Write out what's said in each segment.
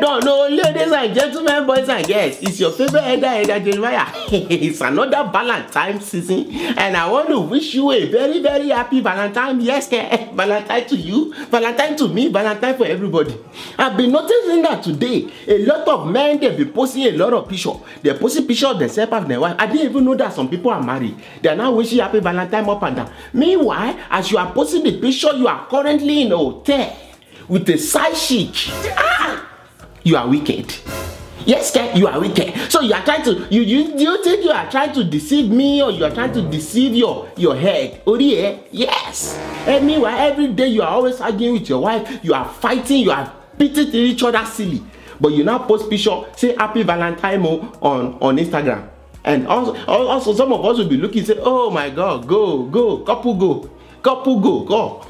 Don't, done, oh, ladies and gentlemen, boys and girls. It's your favorite elder, Elder Jeremiah. it's another Valentine's season, and I want to wish you a very, very happy Valentine. Yes, Valentine to you, Valentine to me, Valentine for everybody. I've been noticing that today, a lot of men they've been posting a lot of pictures. They're posting pictures of themselves and their wife. I didn't even know that some people are married. They're now wishing happy Valentine up and down. Meanwhile, as you are posting the picture, you are currently in a hotel with a side chick. Ah! you are wicked yes ken you are wicked so you are trying to you you do you think you are trying to deceive me or you are trying to deceive your your head ori eh yes and meanwhile every day you are always arguing with your wife you are fighting you are beating each other silly but you now post picture say happy valentine o oh, on on instagram and also also some of us will be looking say oh my god go go couple go couple go go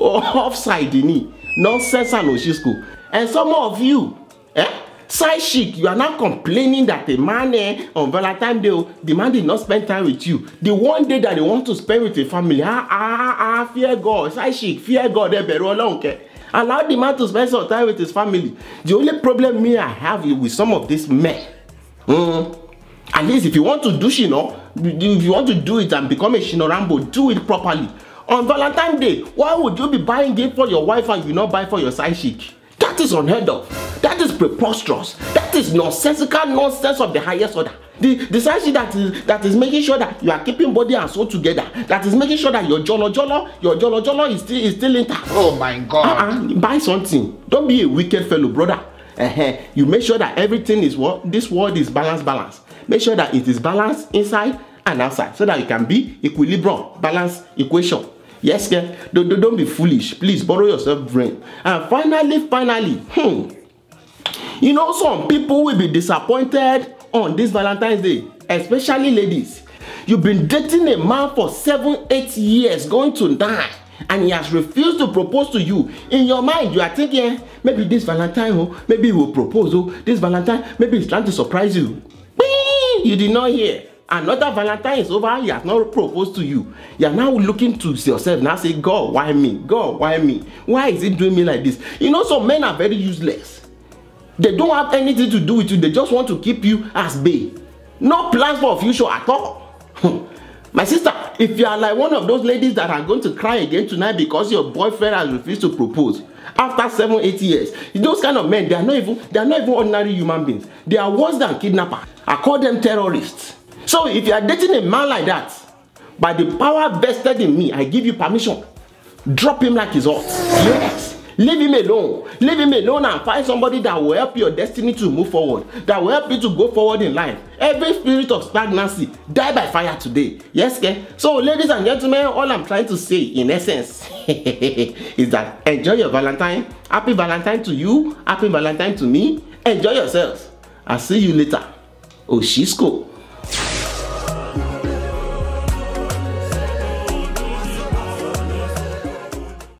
oh, offside ni nonsense and oshisko and some of you Eh? Side chick, you are now complaining that a man eh, on Valentine's Day, oh, the man did not spend time with you. The one day that he wants to spend with a family, ah, ah, ah, ah fear God. Side chick, fear God, eh, bẹ̀rù Ọlọ́run kẹ́. Allow the man to spend some time with his family. The only problem me I have is with some of these men, mm, at least if you want to do shino, if you want to do it and become a shinorambo, do it properly. On Valentine's Day, why would you be buying gift for your wife and you not buy for your side chick? That is unheard of. That is preposterous. That is nonsensical nonsense of the highest order. The, the science that is that is making sure that you are keeping body and soul together. That is making sure that your jollo jollo, your jollo jollo is still is still intact. Oh my God! Uh-uh, buy something. Don't be a wicked fellow, brother. Uh-huh. You make sure that everything is what this world is balanced, balanced. Make sure that it is balanced inside and outside, so that it can be equilibrium, balance equation. Yes, yeah. Don't, don't be foolish. Please borrow yourself brain. And finally, finally, hmm. You know, some people will be disappointed on this Valentine's Day, especially ladies. You've been dating a man for seven, eight years, going to die, and he has refused to propose to you. In your mind, you are thinking, maybe this Valentine, oh, maybe he will propose, oh, this Valentine, maybe he's trying to surprise you. Bing! You did not hear. Another Valentine is over, he has not proposed to you. You are now looking to yourself now say, God, why me? God, why me? Why is he doing me like this? You know, some men are very useless they don't have anything to do with you they just want to keep you as bae no plans for future at all hmm. my sister if you are like one of those ladies that are going to cry again tonight because your boyfriend has refused to propose after seven eight years those kind of men they are not even they are not even ordinary human beings they are worse than kidnapper i call them terrorists so if you are dating a man like that by the power vested in me i give you permission drop him like he's hot yes. Leave him alone. Leave him alone and find somebody that will help your destiny to move forward, that will help you to go forward in life. Every spirit of stagnancy, die by fire today. Yes, okay? So, ladies and gentlemen, all I'm trying to say in essence is that enjoy your Valentine. Happy Valentine to you. Happy Valentine to me. Enjoy yourselves. I'll see you later. Oshisko.